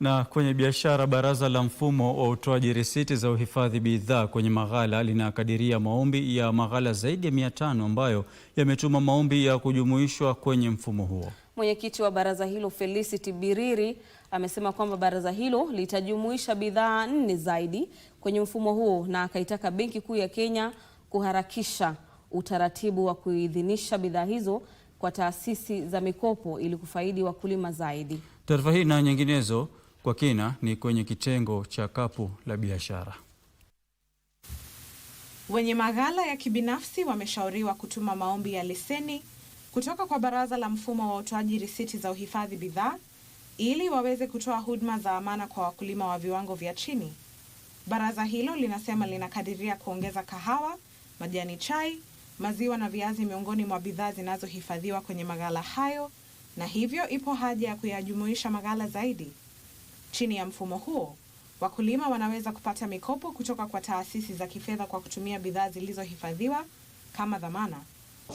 Na kwenye biashara, baraza la mfumo wa utoaji risiti za uhifadhi bidhaa kwenye maghala linakadiria maombi ya maghala zaidi ya mia tano ambayo yametuma maombi ya kujumuishwa kwenye mfumo huo. Mwenyekiti wa baraza hilo Felicity Biriri amesema kwamba baraza hilo litajumuisha bidhaa nne zaidi kwenye mfumo huo na akaitaka Benki Kuu ya Kenya kuharakisha utaratibu wa kuidhinisha bidhaa hizo kwa taasisi za mikopo ili kufaidi wakulima zaidi. Taarifa hii na nyinginezo kwa kina ni kwenye kitengo cha kapu la biashara. Wenye maghala ya kibinafsi wameshauriwa kutuma maombi ya leseni kutoka kwa Baraza la Mfumo wa Utoaji Risiti za Uhifadhi Bidhaa ili waweze kutoa huduma za amana kwa wakulima wa viwango vya chini. Baraza hilo linasema linakadiria kuongeza kahawa, majani chai, maziwa na viazi miongoni mwa bidhaa zinazohifadhiwa kwenye maghala hayo na hivyo ipo haja ya kuyajumuisha maghala zaidi. Chini ya mfumo huo, wakulima wanaweza kupata mikopo kutoka kwa taasisi za kifedha kwa kutumia bidhaa zilizohifadhiwa kama dhamana.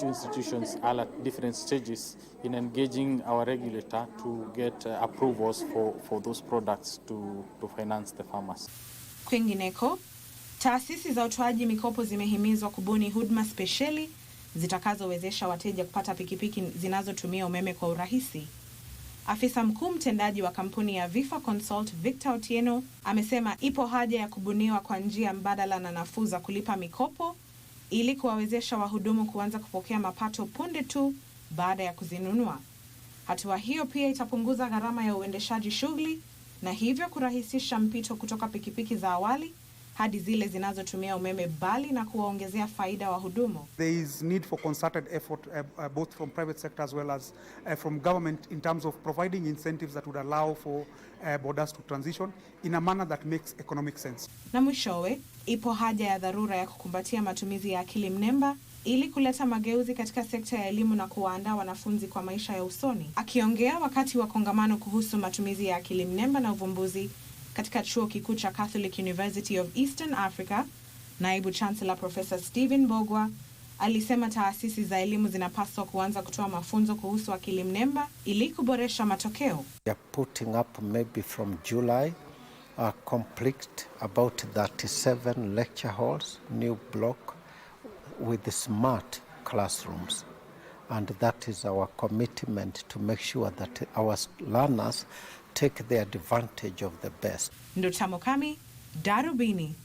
Institutions are at different stages in engaging our regulator to get approvals for, for those products to, to finance the farmers. Kwingineko, taasisi za utoaji mikopo zimehimizwa kubuni huduma spesheli zitakazowezesha wateja kupata pikipiki zinazotumia umeme kwa urahisi. Afisa mkuu mtendaji wa kampuni ya Vifa Consult Victor Otieno amesema ipo haja ya kubuniwa kwa njia mbadala na nafuu za kulipa mikopo ili kuwawezesha wahudumu kuanza kupokea mapato punde tu baada ya kuzinunua. Hatua hiyo pia itapunguza gharama ya uendeshaji shughuli na hivyo kurahisisha mpito kutoka pikipiki za awali hadi zile zinazotumia umeme bali na kuwaongezea faida wahudumu. There is need for concerted effort uh, uh, both from private sector as well as uh, from government in terms of providing incentives that would allow for uh, borders to transition in a manner that makes economic sense. Na mwishowe ipo haja ya dharura ya kukumbatia matumizi ya akili mnemba ili kuleta mageuzi katika sekta ya elimu na kuwaandaa wanafunzi kwa maisha ya usoni. Akiongea wakati wa kongamano kuhusu matumizi ya akili mnemba na uvumbuzi katika chuo kikuu cha Catholic University of Eastern Africa, naibu chancellor Professor Stephen Bogwa alisema taasisi za elimu zinapaswa kuanza kutoa mafunzo kuhusu akili mnemba ili kuboresha matokeo. They are putting up maybe from July a complete about 37 lecture halls new block with the smart classrooms and that is our commitment to make sure that our learners take the advantage of the best. ndotamo Kami, Darubini.